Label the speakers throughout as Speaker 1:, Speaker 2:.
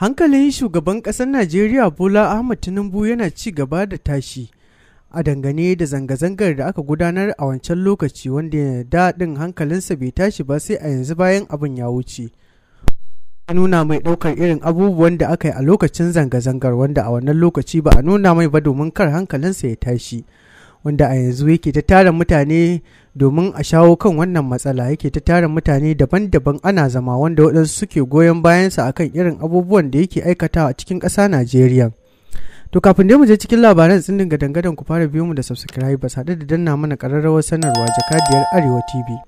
Speaker 1: hankalin shugaban ƙasar najeriya bola ahmad tinubu yana ci gaba da tashi a dangane da zanga-zangar da aka gudanar a wancan lokaci wanda daɗin hankalinsa bai tashi ba sai a yanzu bayan abin ya wuce a nuna mai ɗaukar irin abubuwan da aka yi a lokacin zanga-zangar wanda a wannan lokaci ba a nuna mai ba domin kar hankalinsa ya tashi wanda a yanzu yake ta tara mutane domin a shawo kan wannan matsala yake ta tara mutane daban-daban ana zama wanda waɗansu suke goyon bayansa akan irin abubuwan da yake aikata a cikin ƙasa najeriya to kafin dai mu je cikin labaran tsindin ga dangadan ku fara biyo mu da subscribers haɗa da danna mana ƙararrawar sanarwa jakadiyar arewa tv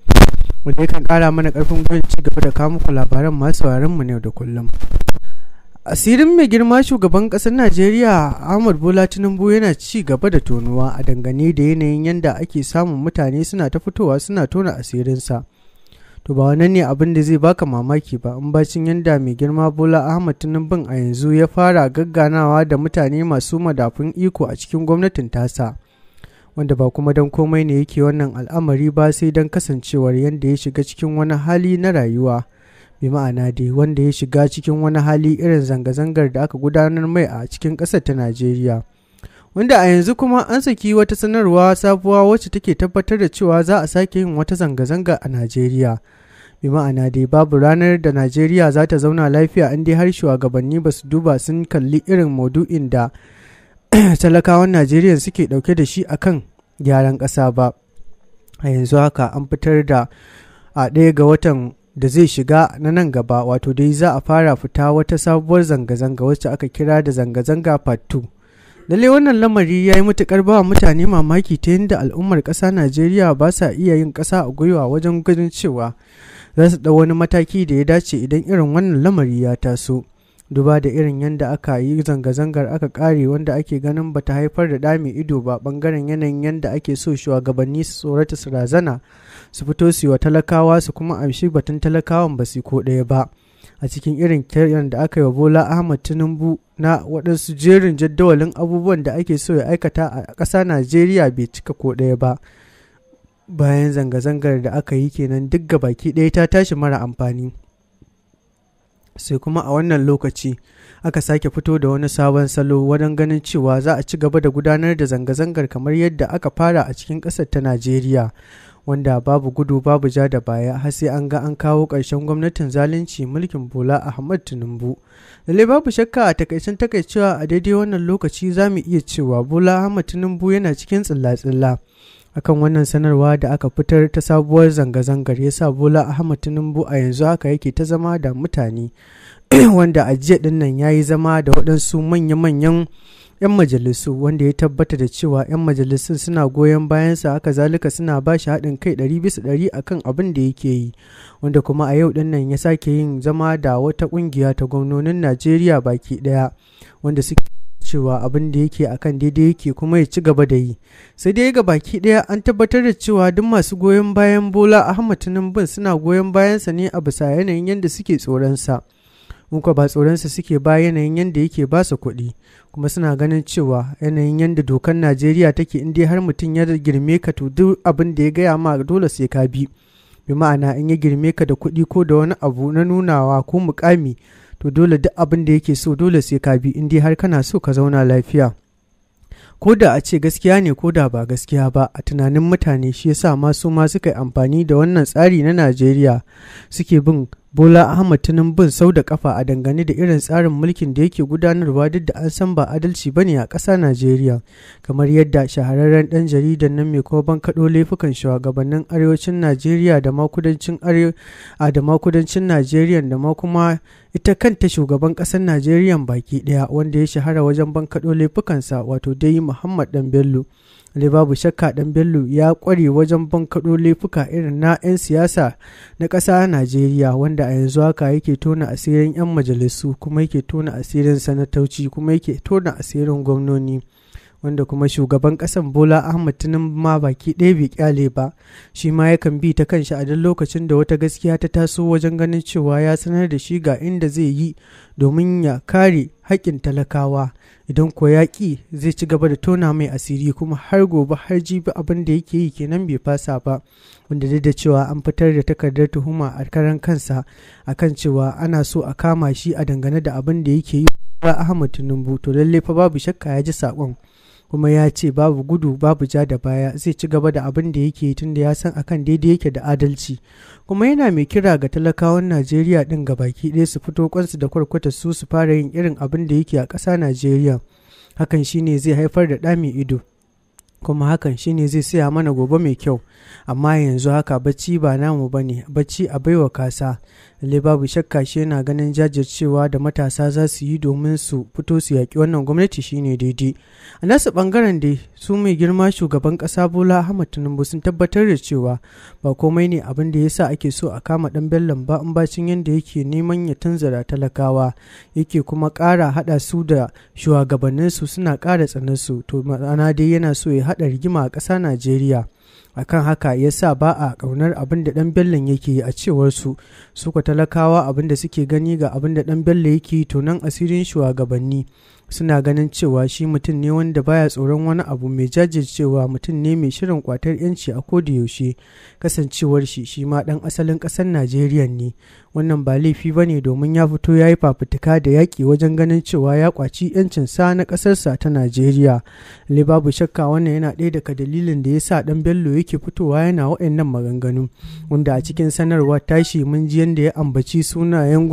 Speaker 1: wanda kan ƙara mana ƙarfin gwiwa ci gaba da kawo muku labaran masu mu ne da kullum asirin mai girma shugaban kasar najeriya ahmad bola tinubu yana ci gaba da tonuwa a dangane da yanayin yadda ake samun mutane suna ta fitowa suna tona asirinsa to ba wannan ne abin da zai baka mamaki ba in bacin yadda mai girma bola ahmad tinubu a yanzu ya fara gagganawa da mutane masu madafun iko a cikin gwamnatin tasa wanda ba kuma don komai ne yake wannan al'amari ba sai don kasancewar yadda ya shiga cikin wani hali na rayuwa bi ma'ana dai wanda ya shiga cikin wani hali irin zanga-zangar da aka gudanar mai a cikin ƙasar ta najeriya wanda a yanzu kuma an saki wata sanarwa sabuwa wacce take tabbatar da cewa za a sake yin wata zanga-zanga a najeriya bi ma'ana dai babu ranar da najeriya za ta zauna lafiya in dai har shugabanni ba su duba sun kalli irin maudu'in da talakawan najeriya suke dauke da shi akan gyaran ƙasa ba a yanzu haka an fitar da a ɗaya ga watan da zai shiga na nan gaba wato dai za a fara fita wata sabuwar zanga-zanga wacce aka kira da zanga-zanga part 2 lalle wannan lamari ya yi matukar ba mutane mamaki ta yadda al'ummar ƙasa najeriya ba sa iya yin ƙasa a gwiwa wajen gudun cewa za su ɗau wani mataki da ya dace idan irin wannan lamari ya taso duba da irin yadda aka yi zanga-zangar aka kare wanda ake ganin bata haifar da dami ido ba bangaren yanayin yadda ake so shugabanni su tsorata su razana su fito su wa talakawa su kuma amshi batun talakawan ba su ko ɗaya ba a cikin irin kiran da aka yi wa bola ahmad tinubu na waɗansu jerin jadawalin abubuwan da ake so ya aikata a ƙasa najeriya bai cika ko ɗaya ba bayan zanga-zangar da aka yi kenan duk baki ɗaya ta tashi mara amfani sai kuma a wannan lokaci aka sake fito da wani sabon salo wajen ganin cewa za a ci gaba da gudanar da zanga-zangar kamar yadda aka fara a cikin ƙasar ta najeriya wanda babu gudu babu ja da baya har sai an ga an kawo ƙarshen gwamnatin zalunci mulkin bola ahmad tinubu lalle babu shakka a takaicen takaicewa a daidai wannan lokaci za mu iya cewa bola ahmad tinubu yana cikin tsilla-tsilla akan wannan sanarwa da aka fitar ta sabuwar zanga-zangar ya sa bola ahmad tinubu a yanzu haka yake ta zama da mutane wanda a jiya dinnan ya yi zama da waɗansu manya-manyan 'yan majalisu wanda ya tabbata da cewa 'yan majalisun suna goyon bayansa haka zalika suna ba shi haɗin kai ɗari bisa ɗari akan abin da yake yi wanda kuma a yau dinnan ya sake yin zama da wata ƙungiya ta gwamnonin najeriya baki ɗaya wanda suke cewa abin da yake akan daidai yake kuma ya ci gaba da yi sai dai ga baki daya an tabbatar da cewa duk masu goyon bayan bola ahmad tinubu suna goyon bayansa ne a bisa yanayin yadda suke tsoronsa muka ba tsoronsa suke ba yanayin yadda yake ba su kuɗi kuma suna ganin cewa yanayin yadda dokar najeriya take in dai har mutum ya girme ka to duk abin da ya gaya ma dole sai ka bi bi ma'ana in ya girme ka da kuɗi ko da wani abu na nunawa ko mukami to dole duk abin da yake so dole sai ka bi in dai har kana so ka zauna lafiya ko da a ce gaskiya ne ko da ba gaskiya ba a tunanin mutane shi yasa masu ma suka yi amfani da wannan tsari na najeriya suke bin Bola Ahmad bin sau da kafa a dangane da irin tsarin mulkin da yake gudanarwa duk da an san ba adalci ba ne a ƙasa Najeriya, kamar yadda shahararren ɗan jaridan nan mai koban kaɗo laifukan shugabannin arewacin Najeriya da ma kudancin a da ma kudancin Najeriya da ma kuma ita kanta shugaban ƙasar Najeriya baki ɗaya wanda ya shahara wajen bankaɗo laifukansa wato dai Muhammad Dan Bello. Ali babu shakka dan Bello ya kware wajen bankaɗo laifuka irin na 'yan siyasa na ƙasa Najeriya wanda a yanzu haka yake tona asirin 'yan majalisu kuma yake tona asirin sanatoci kuma yake tona asirin gwamnoni. wanda kuma shugaban kasan bola ahmad tinubu ma baki ɗaya bai kyale ba shi ma yakan bi ta kanshi a duk lokacin da wata gaskiya ta taso wajen ganin cewa ya sanar da shi ga inda zai yi domin ya kare haƙƙin talakawa idan ko yaƙi zai ci gaba da tona mai asiri kuma har gobe har jibi abin da yake yi kenan bai fasa ba wanda duk da cewa an fitar da takardar tuhuma a karan kansa akan cewa ana so a kama shi a dangane da abin da yake yi Ahmad Tinubu to lallai fa babu shakka ya ji saƙon kuma ya ce babu gudu babu ja da baya zai ci gaba da abin da yake tun da ya san akan daidai yake da adalci kuma yana mai kira ga talakawan najeriya din baki ɗaya su fito kwansu da kwarkwata su su fara yin irin abin da yake a ƙasa najeriya hakan shine zai haifar da ɗami ido kuma hakan shine zai saya mana gobe mai kyau amma yanzu haka bacci ba namu ba ne bacci a baiwa kasa lalle babu shakka shi yana ganin jajircewa da matasa za su yi domin su fito su yaƙi wannan gwamnati shine daidai a nasu bangaren dai su mai girma shugaban kasa bola ahmad tinubu sun tabbatar da cewa ba komai ne abin da yasa ake so a kama ɗan bellon ba in bacin yadda yake neman ya tunzura talakawa yake kuma ƙara haɗa su da shugabanninsu suna ƙara tsanansu to ma'ana dai yana so ya haɗa rigima a ƙasa najeriya a kan haka ya sa ba a ƙaunar abin da ɗan bellon yake yi a cewar su suka talakawa abin da suke gani ga abin da ɗan bello yake to nan asirin shugabanni suna ganin cewa shi mutum ne wanda baya tsoron wani abu mai jajircewa mutum ne mai shirin kwatar yanci a koda yaushe kasancewar shi shi ma dan asalin kasar najeriya ne wannan ba laifi ba ne domin ya fito ya yi fafutuka da yaƙi wajen ganin cewa ya kwaci yancin sa na ƙasarsa ta najeriya le babu shakka wannan yana ɗaya daga dalilin da ya sa ɗan bello yake fitowa yana waɗannan maganganu wanda a cikin sanarwa tashi mun ji yadda ya ambaci sunayen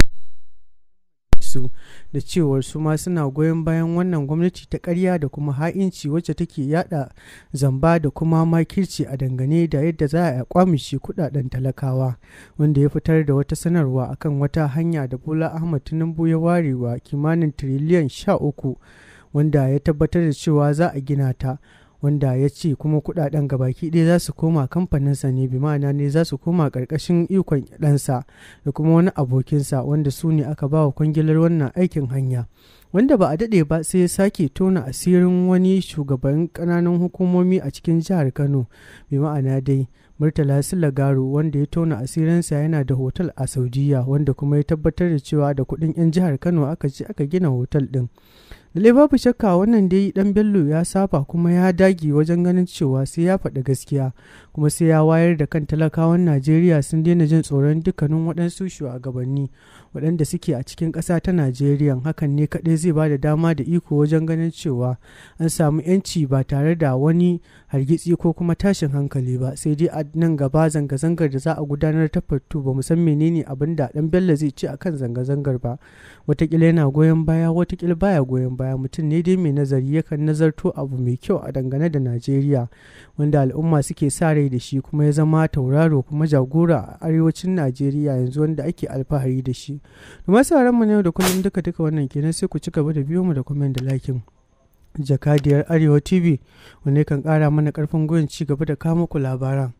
Speaker 1: su da cewar su ma suna goyon bayan wannan gwamnati ta karya da kuma ha'inci wacce take yada zamba da kuma makirci a dangane da yadda za a kwamishe kudaden talakawa wanda ya fitar da wata sanarwa akan wata hanya da bola ahmad tinubu ya warewa kimanin tiriliyan sha uku wanda ya tabbatar da cewa za a gina ta wanda ya ce kuma kudaden gabaki ɗaya za su koma sa ne bi ma'ana ne za su koma karkashin ikon ɗansa da kuma wani abokinsa wanda su ne aka ba kwangilar wannan aikin hanya wanda ba a daɗe ba sai ya sake tona asirin wani shugaban kananan hukumomi a cikin jihar kano bi ma'ana dai murtala garu wanda ya tona asirinsa yana da hotel a saudiya wanda kuma ya tabbatar da cewa da kuɗin 'yan jihar kano aka ce aka gina hotel ɗin Lalle babu shakka wannan dai dan Bello ya saba kuma ya dage wajen ganin cewa sai ya faɗi gaskiya kuma sai ya wayar da kan talakawan Najeriya sun daina jin tsoron dukkanin waɗansu shugabanni waɗanda suke a cikin ƙasa ta Najeriya hakan ne kaɗai zai ba da dama da iko wajen ganin cewa an samu 'yanci ba tare da wani hargitsi ko kuma tashin hankali ba sai dai a nan gaba zanga-zangar da za a gudanar ta fattu ba mu san menene abin da dan Bello zai ci akan zanga-zangar ba watakila yana goyon baya watakila baya goyon baya baya mutum ne dai mai nazari yakan nazarto abu mai kyau a dangane da najeriya wanda al'umma suke sa rai da shi kuma ya zama tauraro kuma jagora a arewacin najeriya yanzu wanda ake alfahari da shi domin sauran mu ne da kullum duka duka wannan kenan sai ku ci gaba da biyo mu da comment da liking jakadiyar arewa tv wanda kan kara mana karfin gwiwa ci gaba da kama ku labaran